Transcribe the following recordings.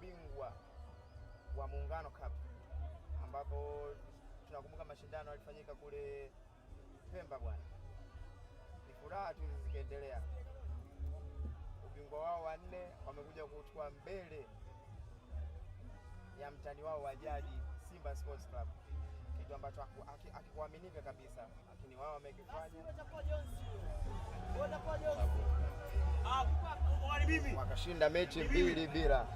mabingwa wa Muungano Cup ambapo tunakumbuka mashindano yalifanyika kule Pemba bwana. Ni furaha tu zikaendelea, ubingwa wao wa nne wamekuja kuchukua mbele ya mtani wao wa jadi Simba Sports Club, kitu ambacho akikuaminika kabisa, lakini wao wamekifanya wakashinda mechi mbili bila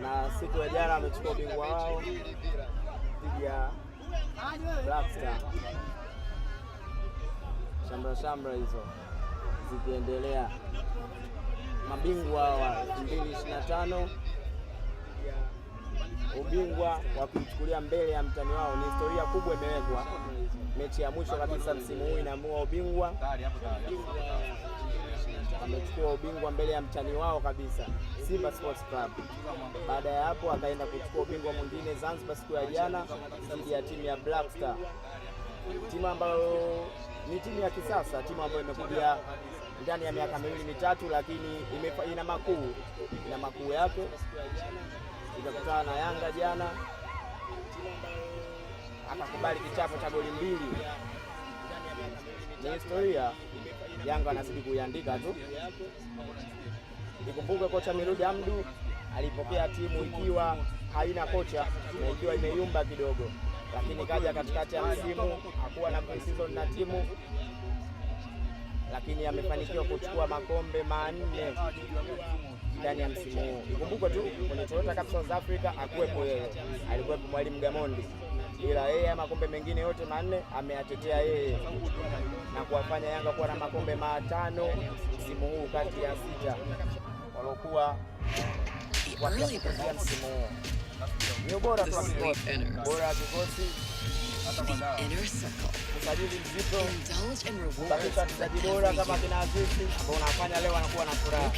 na siku ya jana amechukua ubingwa wao dhidi ya Black Star. Shamra shamra hizo zikiendelea, mabingwa wa 2025 ubingwa wa kuichukulia mbele ya mtani wao. Ni historia kubwa imewekwa, mechi ya mwisho kabisa msimu huu inaamua ubingwa. Amechukua ubingwa mbele ya mtani wao kabisa Simba Sports Club. Baada ya hapo, akaenda kuchukua ubingwa mwingine Zanzibar siku ya jana dhidi ya timu ya Black Star, timu ambayo ni timu ya kisasa, timu ambayo imekuja ndani ya miaka miwili mitatu, lakini ina makuu ina makuu yake Tulikutana na Yanga jana, akakubali kichapo cha goli mbili. Ni historia Yanga anazidi kuiandika tu. Ikumbuke kocha Mirudi Amdu alipokea timu ikiwa haina kocha na ikiwa imeyumba kidogo, lakini kaja katikati ya msimu, hakuwa na pre-season na timu lakini amefanikiwa kuchukua makombe manne ndani ya msimu huu. Ikumbukwe tu kwenye Toyota Cup South Africa akuwepo yeye, alikuwepo Mwalimu Gamondi, ila yeye makombe mengine yote manne ameyatetea yeye na kuwafanya Yanga kuwa na makombe matano msimu huu kati ya sita walokuwa wakiaia msimu huu. Ni ubora tu wa kikosi, kikosi usajili mzito, tafuta mchezaji bora na furaha.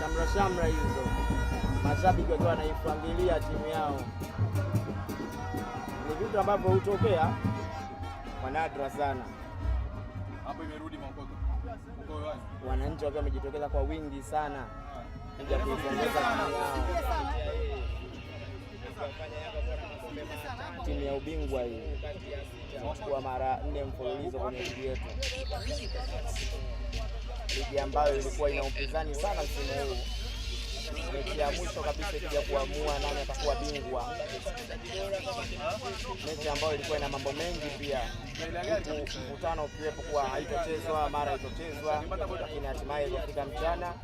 Shamra shamra hizo, mashabiki wakiwa wanaipangilia timu yao, ni vitu ambavyo hutokea kwa nadra sana. Wananchi wakiwa wamejitokeza kwa wingi sana kuja kuipongeza timu yao timu ya ubingwa hii tunachukua mara nne mfululizo kwenye ligi yetu, ligi ambayo ilikuwa ina upinzani sana msimu huu. Mechi ya mwisho kabisa ikija kuamua nani atakuwa bingwa, mechi ambayo ilikuwa ina mambo mengi pia, huku mvutano ukiwepo kuwa haitochezwa mara haitochezwa, lakini hatimaye ikafika mchana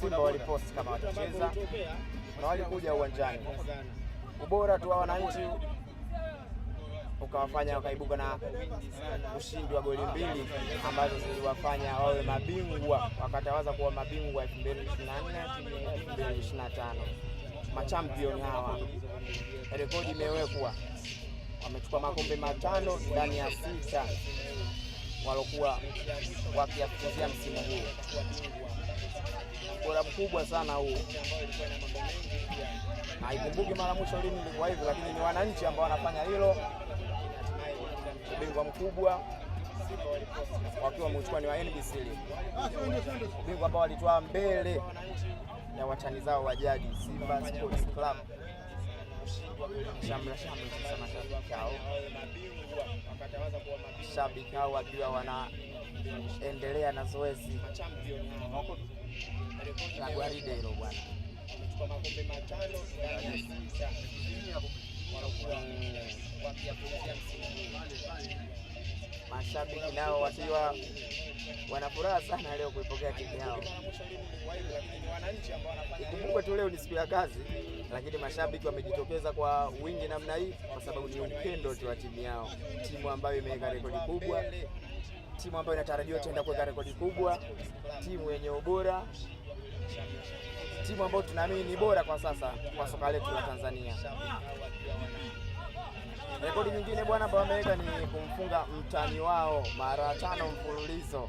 Simba waliposti kama watacheza na walikuja uwanjani ubora tu wa wananchi ukawafanya wakaibuka na ushindi wa goli mbili ambazo ziliwafanya wawe mabingwa, wakatawaza kuwa mabingwa 2024 2025. Machampioni hawa rekodi imewekwa, wamechukua makombe matano ndani ya sita walokuwa wakiafikizia msimu huu ubora mkubwa sana huu. Haikumbuki mara mwisho lini ilikuwa hivyo, lakini ni wananchi ambao wanafanya hilo. Ubingwa mkubwa wakiwa wameuchukua ni wa NBC League, ubingwa ambao walitoa mbele ya watani zao wa jadi Simba Sports Club kushindwa shamra shamra sasa, mashabiki hao shabiki hao wakiwa wanaendelea na zoezi la gwaride hilo bwana mashabiki nao wakiwa wanafuraha sana leo kuipokea timu yao. Ikumbukwe tu leo ni siku ya kazi, lakini mashabiki wamejitokeza kwa wingi namna hii kwa sababu ni upendo tu wa timu yao, timu ambayo imeweka rekodi kubwa, timu ambayo inatarajiwa tenda kuweka rekodi kubwa, timu yenye ubora, timu ambayo tunaamini ni bora kwa sasa kwa soka letu la Tanzania. Rekodi nyingine bwana ambayo wameweka ni kumfunga mtani wao mara tano mfululizo,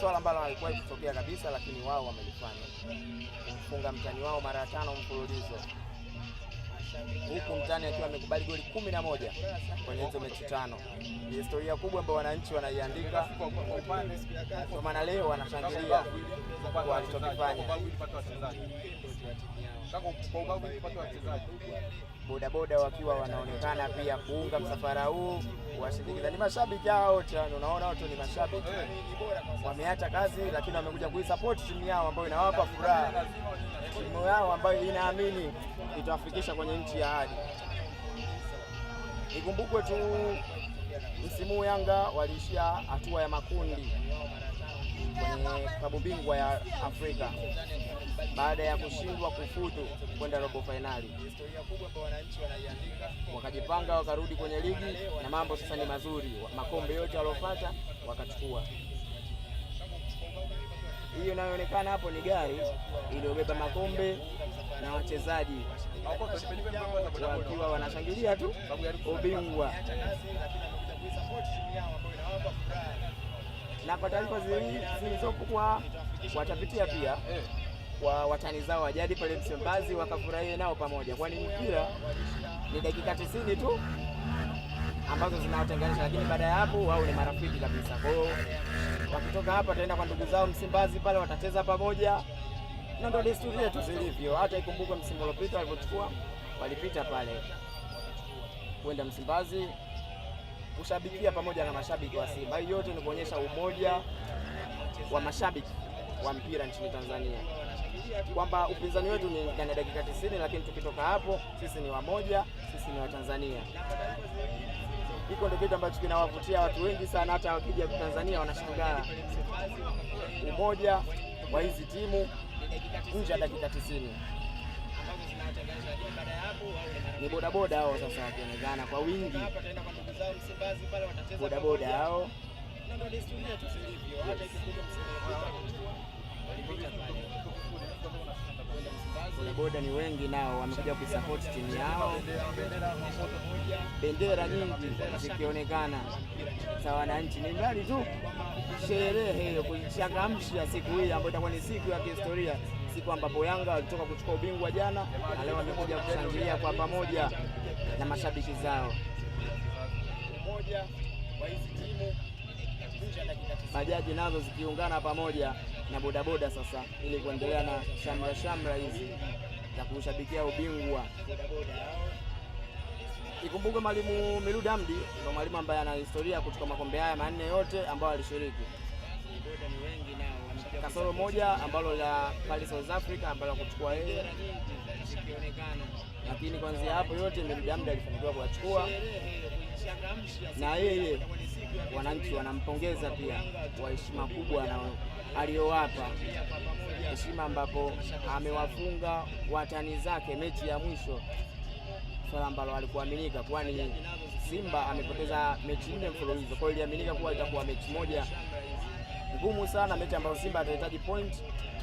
swala ambalo halikuwa ikitokea kabisa, lakini wao wamelifanya, kumfunga mtani wao mara tano mfululizo, huku mtani akiwa amekubali goli kumi na moja kwenye hizo mechi tano. Ni historia kubwa ambayo wananchi wanaiandika, kwa maana leo wanashangilia walichokifanya bodaboda wakiwa wanaonekana pia kuunga msafara huu, kuwasindikiza. Ni mashabiki hao wote, yaani unaona watu ni mashabiki, wameacha kazi, lakini wamekuja kuisapoti timu yao ambayo inawapa furaha, timu yao ambayo inaamini itawafikisha kwenye nchi ya hadi Ikumbukwe tu msimu Yanga waliishia hatua ya makundi kwenye klabu bingwa ya Afrika baada ya kushindwa kufuzu kwenda robo fainali, wakajipanga wakarudi kwenye ligi na mambo sasa ni mazuri, makombe yote waliopata wakachukua. Hiyo inayoonekana hapo ni gari iliyobeba makombe na wachezaji wakiwa wanashangilia tu ubingwa. Na kwa taarifa zilizopo kwa watapitia pia kwa watani zao wajadi pale Msimbazi, wakafurahie nao pamoja, kwani mpira ni dakika tisini tu ambazo zinawatenganisha, lakini baada ya hapo wao ni marafiki kabisa. Kwa hiyo wakitoka hapa wataenda kwa ndugu zao Msimbazi pale, watacheza pamoja, na ndio desturi yetu zilivyo. Hata ikumbukwe msimu uliopita walivyochukua, walipita pale kwenda Msimbazi kushabikia pamoja na mashabiki wa Simba. Hiyo yote ni kuonyesha umoja wa mashabiki wa mpira nchini Tanzania kwamba upinzani wetu ni ndani ya dakika 90, lakini tukitoka hapo sisi ni wamoja, sisi ni Watanzania. Hiko ndio kitu ambacho kinawavutia watu wengi sana, hata wakija Tanzania wanashangaa umoja wa hizi timu nje ya dakika 90 Ni bodaboda hao sasa wakionekana kwa wingi, bodaboda hao bodaboda ni wengi, nao wamekuja kuisapoti timu yao, bendera nyingi zikionekana za wananchi. Ni mbali tu sherehe ya kuichangamsha siku hii ambayo itakuwa ni siku ya kihistoria, siku ambapo Yanga walitoka kuchukua ubingwa jana na leo wamekuja kushangilia kwa pamoja na mashabiki zao. Bajaji nazo zikiungana pamoja na bodaboda sasa, ili kuendelea na shamra shamra hizi za kushabikia ubingwa. Ikumbuke mwalimu Milud Hamdi ndio mwalimu ambaye ana historia kuchukua makombe haya manne yote ambayo alishiriki, kasoro moja ambalo la pale South Africa ambalo kuchukua yeye lakini kwanzia hapo yote Merid Hamdi alifanikiwa kuwachukua, na yeye wananchi wanampongeza pia kwa heshima kubwa na aliyowapa heshima, ambapo amewafunga watani zake mechi ya mwisho, swala ambalo alikuaminika, kwani Simba amepoteza mechi nne mfululizo. Kwa hiyo iliaminika kuwa itakuwa mechi moja ngumu sana, mechi ambayo Simba atahitaji point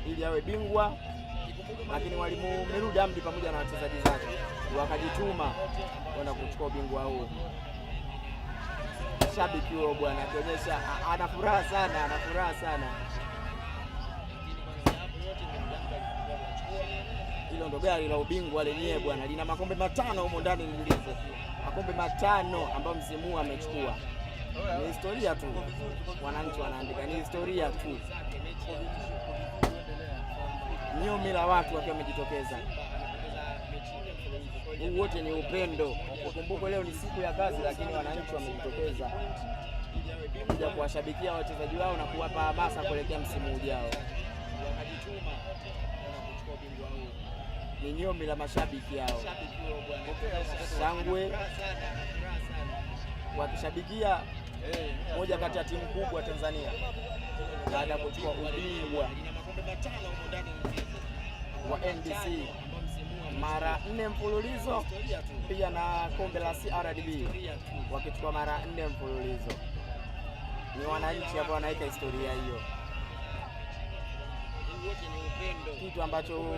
ili awe bingwa lakini mwalimu Mirudi Hamdi pamoja na wachezaji zake wakajituma kwenda kuchukua ubingwa huo. Shabiki huyo bwana akionyesha ana furaha sana, ana furaha sana. Hilo ndo gari la ubingwa lenyewe bwana, lina makombe matano humo ndani, lilizo makombe matano ambayo msimu huu amechukua. Ni historia tu, wananchi wanaandika, ni historia tu nyumi la watu wakiwa wamejitokeza. Huu wote ni upendo. Ukumbuke leo ni siku ya kazi, lakini wananchi wamejitokeza kuja kuwashabikia wachezaji wao na kuwapa hamasa kuelekea msimu ujao. Ni nyomi la mashabiki yao, shangwe wakishabikia moja kati ya timu kubwa Tanzania baada ya kuchukua ubingwa wa NBC mara nne mfululizo, pia na kombe la CRDB wakichukua mara nne mfululizo. Ni wananchi ambao wanaweka historia hiyo, kitu ambacho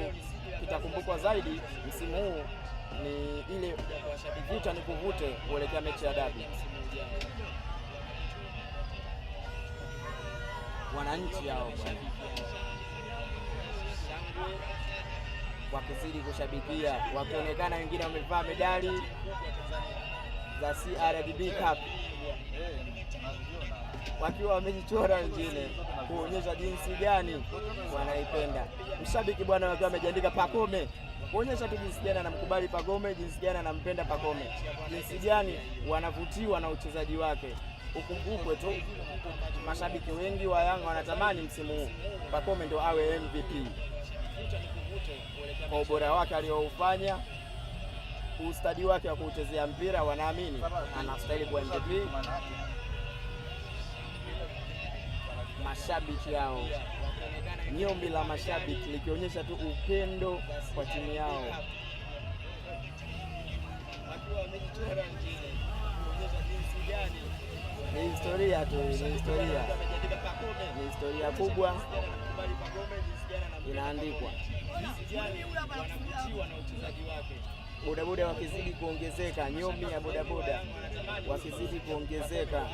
kitakumbukwa zaidi msimu huu ni ile vuta ni kuvute kuelekea mechi ya dabi. Wananchi hao bwana wakizidi kushabikia, wakionekana wengine wamevaa medali za CRDB Cup wakiwa wamejichora wengine kuonyesha jinsi gani wanaipenda mshabiki bwana, wakiwa wamejiandika pakome kuonyesha tu jinsi gani anamkubali pagome jinsi gani anampenda pakome jinsi gani wanavutiwa na uchezaji wake. Ukumbukwe tu mashabiki wengi wa Yanga wanatamani msimu huu pakome ndio awe MVP kwa ubora wake alioufanya, ustadi wake wa kuchezea mpira, wanaamini anastahili kuwa MVP. Mashabiki yao, nyombi la mashabiki likionyesha tu upendo kwa timu yao ni historia tu, ni historia, ni historia kubwa inaandikwa. Bodaboda wakizidi kuongezeka, nyomi ya bodaboda wakizidi kuongezeka,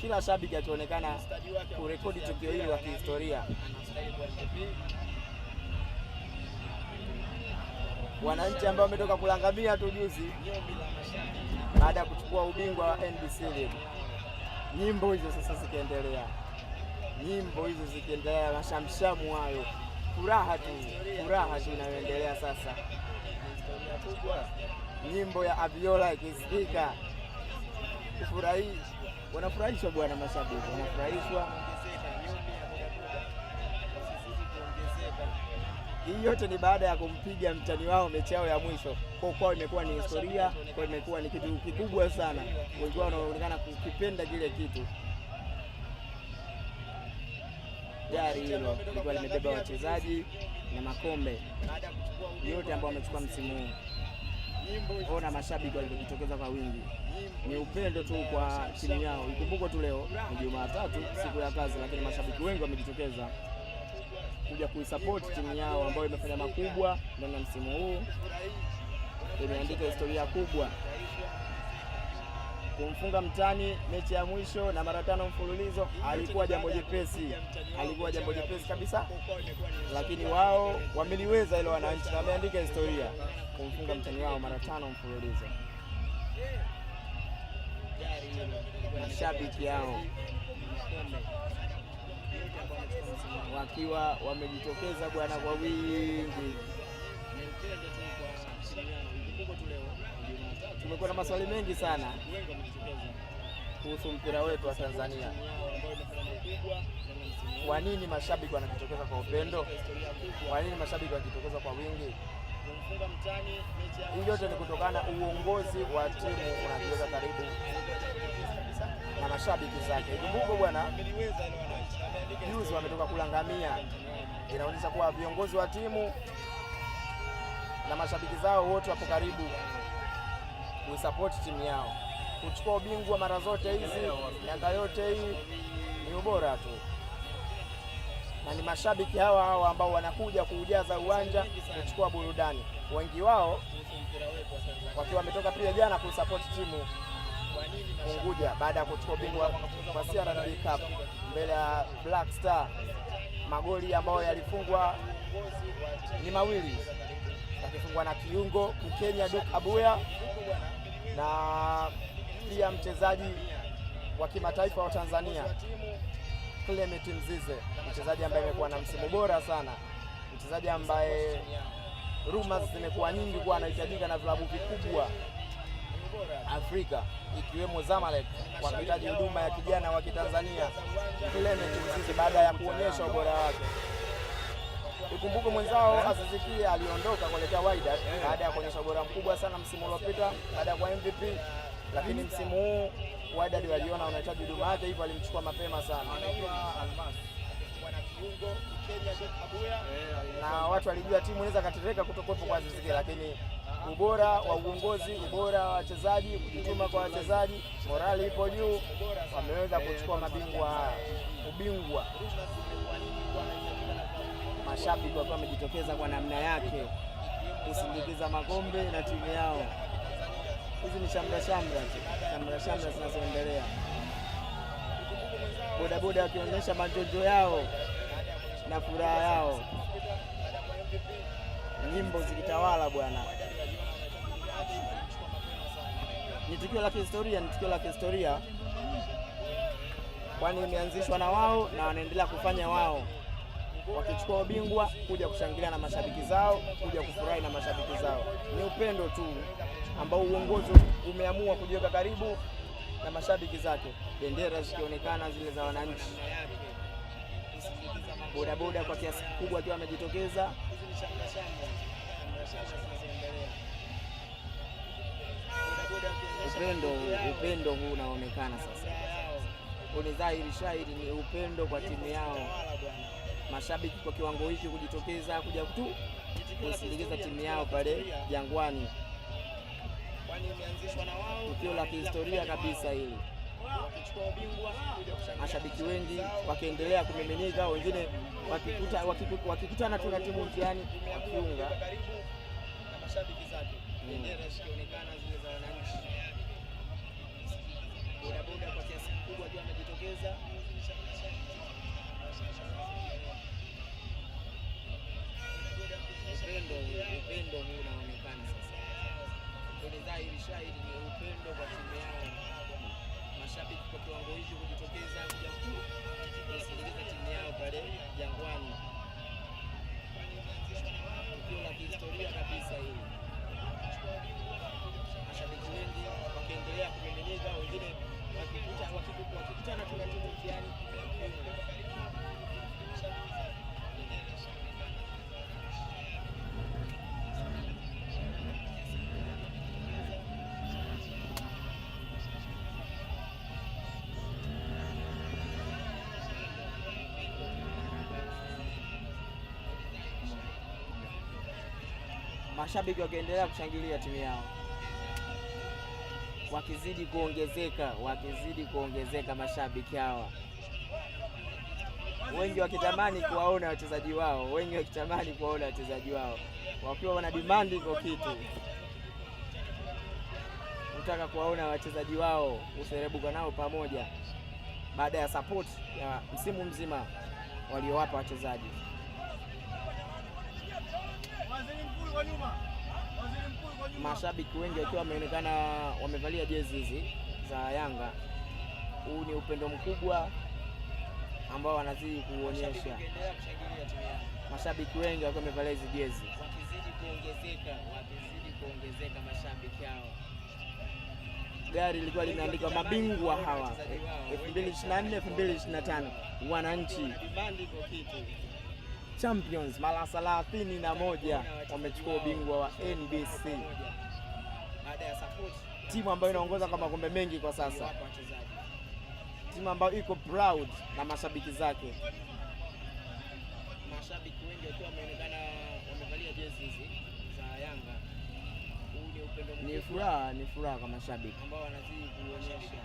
kila shabiki akionekana kurekodi tukio hili la kihistoria wananchi ambao wametoka kulangamia tu juzi baada ya kuchukua ubingwa wa NBC League. Nyimbo hizo sasa zikiendelea, nyimbo hizo zikiendelea, mashamshamu hayo, furaha tu, furaha tu inayoendelea sasa. Nyimbo ya aviola ikisikika, furahi, wanafurahishwa bwana, mashabiki wanafurahishwa. Hii yote ni baada ya kumpiga mtani wao mechi yao ya mwisho. Kwa kwao imekuwa ni historia, kwa imekuwa ni kitu kikubwa sana, wengi wao wanaonekana kukipenda kile kitu. Gari hilo lilikuwa limebeba wachezaji na makombe yote ambao wamechukua msimu huu. Ona mashabiki walivyojitokeza kwa wingi, ni upendo tu kwa timu yao. Ikumbukwe tu leo ni Jumatatu, siku ya kazi, lakini mashabiki wengi wamejitokeza kuja kuisupport timu yao ambayo imefanya makubwa ndani ya msimu huu, imeandika historia kubwa kumfunga mtani mechi ya mwisho na mara tano mfululizo alikuwa jambo jepesi, alikuwa jambo jepesi kabisa, lakini wao wameliweza ile wananchi, na wameandika historia kumfunga mtani wao mara tano mfululizo. Mashabiki yao wakiwa wamejitokeza bwana kwa wingi. Tumekuwa na maswali mengi sana kuhusu mpira wetu wa Tanzania. Kwa nini mashabiki wanajitokeza kwa upendo? Kwa nini mashabiki wanajitokeza kwa wingi? Hii yote ni kutokana uongozi wa timu unacheza karibu na mashabiki zake. Ikumbuke bwana, juzi wametoka kulangamia. Inaonyesha kuwa viongozi wa timu na mashabiki zao wote wapo karibu kuisapoti timu yao kuchukua ubingwa mara zote hizi miaka yote hii ni ubora tu na ni mashabiki hawa hawa ambao wanakuja kuujaza uwanja kuchukua burudani, wengi wao wakiwa wametoka pia jana kusapoti timu Unguja baada ya kuchukua ubingwa kwa CRDB Cup mbele ya Black Star. Magoli ambayo yalifungwa ni mawili, yakifungwa na kiungo Mkenya Duke Abuya na pia mchezaji wa kimataifa wa Tanzania Clement Mzize, mchezaji ambaye amekuwa na msimu bora sana, mchezaji ambaye rumors zimekuwa nyingi kuwa anahitajika na vilabu vikubwa Afrika ikiwemo Zamalek wakihitaji huduma ya kijana wa Kitanzania Clement Mzize baada ya kuonyesha ubora wake. Ikumbuke mwenzao Aziz Ki aliondoka kuelekea Wydad baada ya kuonyesha ubora mkubwa sana msimu uliopita baada ya kuwa MVP, lakini msimu huu Wydad waliona wanahitaji huduma yake, hivyo alimchukua mapema sana eh, na watu walijua timu inaweza katereka kutokuwepo kwa Aziz lakini ubora wa uongozi, ubora wa wachezaji, kujituma kwa wachezaji, morali ipo juu, wameweza kuchukua mabingwa ubingwa, mashabiki wakiwa wamejitokeza kwa namna yake kusindikiza makombe na timu yao hizi ni shamra shamra tu, shamra shamra zinazoendelea, bodaboda wakionyesha majojo yao na furaha yao, nyimbo zikitawala bwana. Ni tukio la kihistoria, ni tukio la kihistoria, kwani imeanzishwa na wao na wanaendelea kufanya wao wakichukua ubingwa kuja kushangilia na mashabiki zao, kuja kufurahi na mashabiki zao. Ni upendo tu ambao uongozi umeamua kujiweka karibu na mashabiki zake, bendera zikionekana zile za wananchi, bodaboda kwa kiasi kikubwa akiwa amejitokeza upendo upendo huu unaonekana sasa, ni dhahiri shahiri, ni upendo kwa timu yao mashabiki kwa kiwango hiki kujitokeza kuja tu kusindikiza timu yao pale Jangwani. Tukio la kihistoria kabisa hili, mashabiki wengi wakiendelea kumiminika, wengine wakikutana tu na timu mtiani wakiunga hmm. upendo, upendo huu unaonekana sasa. Hili shairi ni upendo kwa timu yao, mashabiki kwa kiwango hicho kujitokeza kuja kusikiliza timu yao pale Jangwani, tukio la kihistoria kabisa hili, mashabiki wengi wakiendelea kumiminika mashabiki wakiendelea kushangilia timu yao, wakizidi kuongezeka, wakizidi kuongezeka mashabiki hawa, wengi wakitamani kuwaona wachezaji wao, wengi wakitamani kuwaona wachezaji wao wakiwa wana dimandi kwa kitu kutaka kuwaona wachezaji wao kuserebuka nao pamoja, baada ya sapoti ya msimu mzima waliowapa wachezaji. mashabiki wengi wakiwa wameonekana wamevalia jezi hizi za Yanga. Huu ni upendo mkubwa ambao wanazidi kuonyesha mashabiki wengi wakiwa wamevalia hizi jezi, wakizidi kuongezeka, wakizidi kuongezeka mashabiki hao. Gari lilikuwa limeandikwa mabingwa hawa 2024 2025 wananchi Champions mara 31 wamechukua ubingwa wa NBC, timu ambayo inaongoza kwa makombe mengi kwa sasa, timu ambayo iko proud na mashabiki zake. Mashabiki wengi wakiwa wameonekana wamevalia jezi hizi za Yanga. Ni furaha, ni furaha kwa mashabiki ambao wanazidi kuonyesha,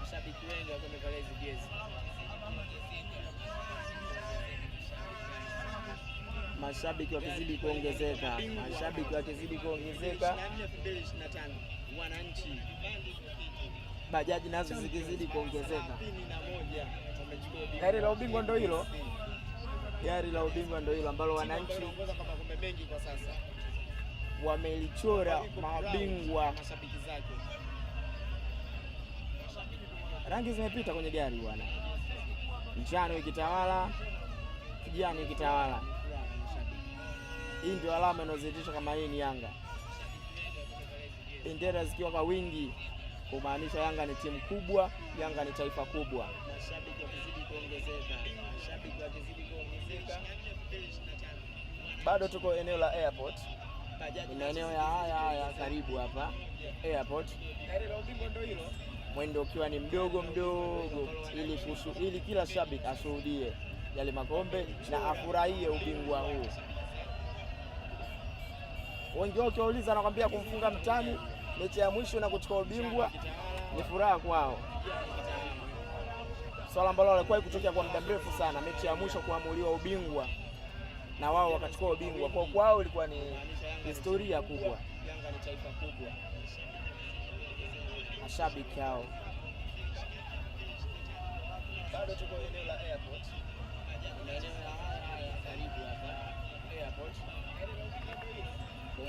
mashabiki wengi wakiwa wamevalia hizi jezi mashabiki wakizidi kuongezeka, mashabiki wakizidi kuongezeka, bajaji nazo zikizidi kuongezeka, gari la ubingwa ndo hilo, gari la ubingwa ndo hilo ambalo wananchi wamelichora mabingwa. Rangi zimepita kwenye gari bwana, njano ikitawala, kijani ikitawala. Hii ndio alama inayozidisha kama hii ni Yanga, bendera zikiwa kwa wingi, kumaanisha Yanga ni timu kubwa, Yanga ni taifa kubwa. Mashabiki kuongezeka, mashabiki kuongezeka, bado tuko eneo la airport maeneo ya haya haya karibu hapa airport, mwendo ukiwa ni mdogo mdogo, ili kusu, ili kila shabiki ashuhudie yale makombe na afurahie ubingwa huu wengi wao ukiwauliza anakwambia kumfunga mtani mechi ya mwisho na kuchukua ubingwa ni furaha kwao, swala ambalo walikuwa kutokea kwa muda mrefu sana, mechi ya mwisho kuamuliwa ubingwa na wao wakachukua ubingwa. Kwa kwao ilikuwa ni historia kubwa. Mashabiki hao bado tuko eneo la airport, maeneo haya haya karibu hapa airport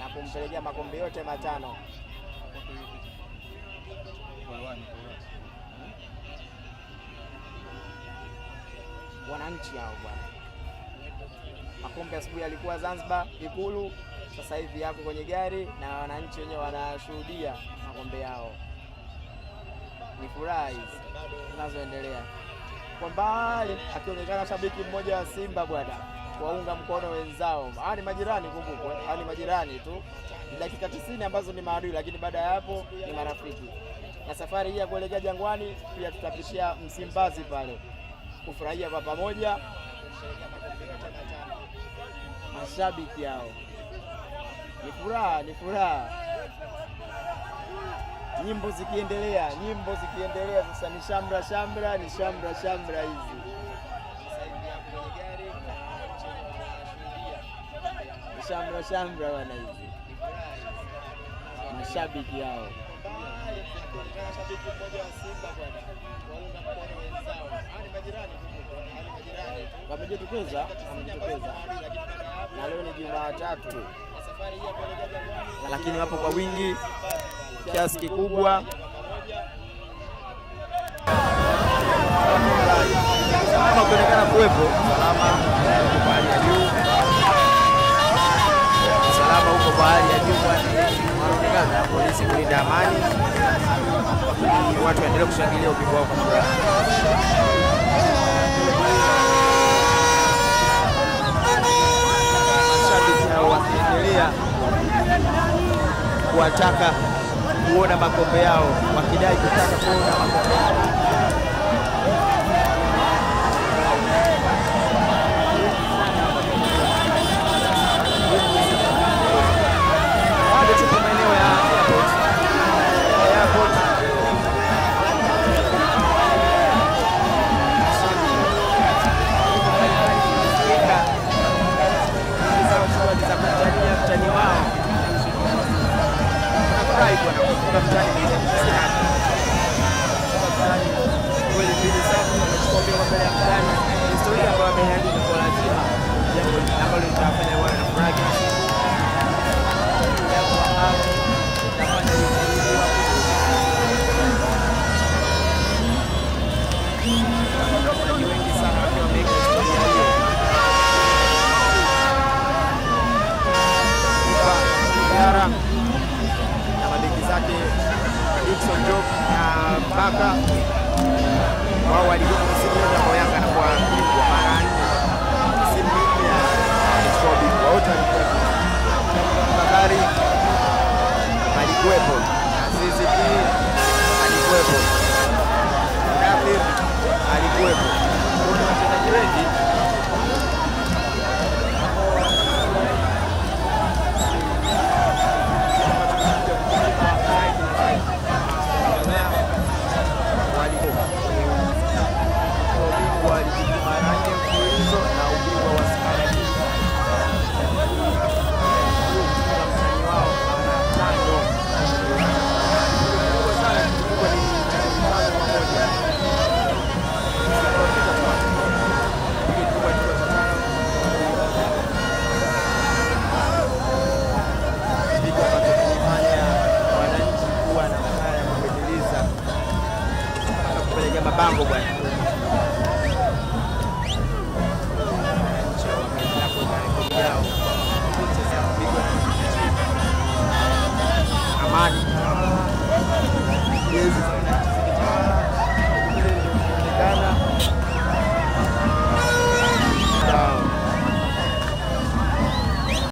na kumpelekea makombe yote matano. Wananchi hao bwana, makombe asubuhi yalikuwa Zanzibar Ikulu, sasa hivi yako kwenye gari na wananchi wenyewe wanashuhudia makombe yao. Ni furaha hizi zinazoendelea kwa mbali, akionekana shabiki mmoja wa Simba bwana kuwaunga mkono wenzao. Hawa ni majirani, kumbukwe, eh? hawa ni majirani tu, ni dakika 90 ambazo ni maadui, lakini baada ya hapo ni marafiki. Na safari hii ya kuelekea Jangwani pia tutapishia Msimbazi pale kufurahia kwa pamoja mashabiki hao. Ni furaha, ni furaha, nyimbo zikiendelea, nyimbo zikiendelea. Sasa ni shamra shamra, ni shamra shamra hizi shamra shamra wana hizi mashabiki yao wamejitokeza, wamejitokeza na leo ni Jumatatu, lakini wapo kwa wingi kiasi kikubwa. Kama kuonekana kuwepo salama ya juu uko kwa hali ya juu, wanaonekana polisi kulinda amani, watu waendelee kushangilia ubingwa wao kwa furaha. wakiendelea kuwataka kuona makombe yao, wakidai kutaka kuona makombe yao. Nimefurahi bwana kutoka Historia ambayo ameandika kwa lazima. Jambo ambalo litafanya mwaka wao walikuwa msimu kwa Yanga na kwa alikuwepo, alikuwepo, kuna wachezaji wengi